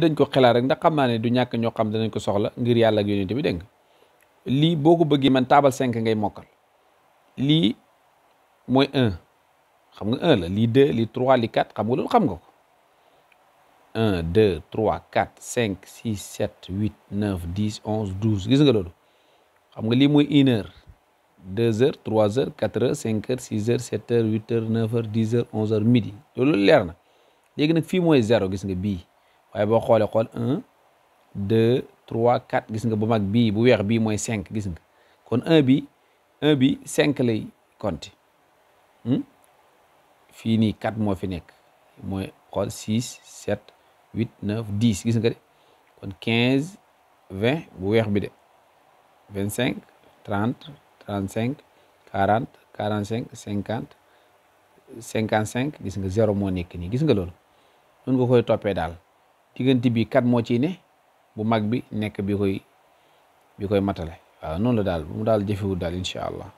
dañ ko xelaat rek ndax xamane du ñak ño xam dañ ko soxla ngir yalla ak yoonte bi deng li boko bëgge man table 5 ngay mokal li moy 1 xam nga 1 la li 2 li 3 li 4 xam nga lu xam nga 1 2 3 4 5 6 7 8 9 10 11 12 gis nga lolu xam nga li moy 1 heure 2 heures 3 heures 4 heures 5 heures 6 heures 7 heures 8 heures 9 heures 10 heures 11 heures midi lolu leer na legi nak fi moy 0 gis nga bi waaye boo xoolee xool un deux trois quatre gis nga bu mag bii bu weex bii mooy cinq gis kon un bi un bi cinq lay compter hmm? fii nii quatre moo fi nekk mooy xool six sept huit neuf dix gis nga de kon quinze vingt bu weex bi de vingt cinq trente trente cinq quarant quarant cinq cinquante cinquante cinq gis nga zéro moo nekk nii gis nga loolu noonu nga koy toppee daal diggante bi kat moo ciy ne bu mag bi nekk bi koy bi koy matale a noonu la daal mu daal jëfewul daal incha allah